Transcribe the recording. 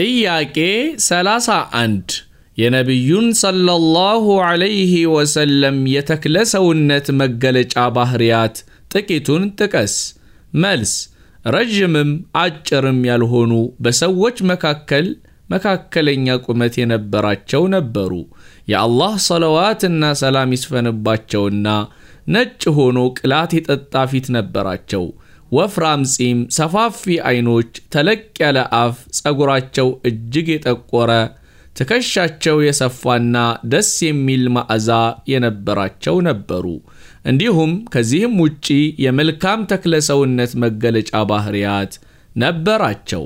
ጥያቄ 31 የነቢዩን ሰለላሁ ዐለይሂ ወሰለም የተክለ ሰውነት መገለጫ ባህርያት ጥቂቱን ጥቀስ። መልስ ረዥምም አጭርም ያልሆኑ በሰዎች መካከል መካከለኛ ቁመት የነበራቸው ነበሩ። የአላህ ሰለዋትና ሰላም ይስፈንባቸውና ነጭ ሆኖ ቅላት የጠጣ ፊት ነበራቸው። ወፍራም ጺም፣ ሰፋፊ አይኖች፣ ተለቅ ያለ አፍ፣ ጸጉራቸው እጅግ የጠቆረ ትከሻቸው የሰፋና ደስ የሚል ማዕዛ የነበራቸው ነበሩ። እንዲሁም ከዚህም ውጪ የመልካም ተክለ ሰውነት መገለጫ ባህሪያት ነበራቸው።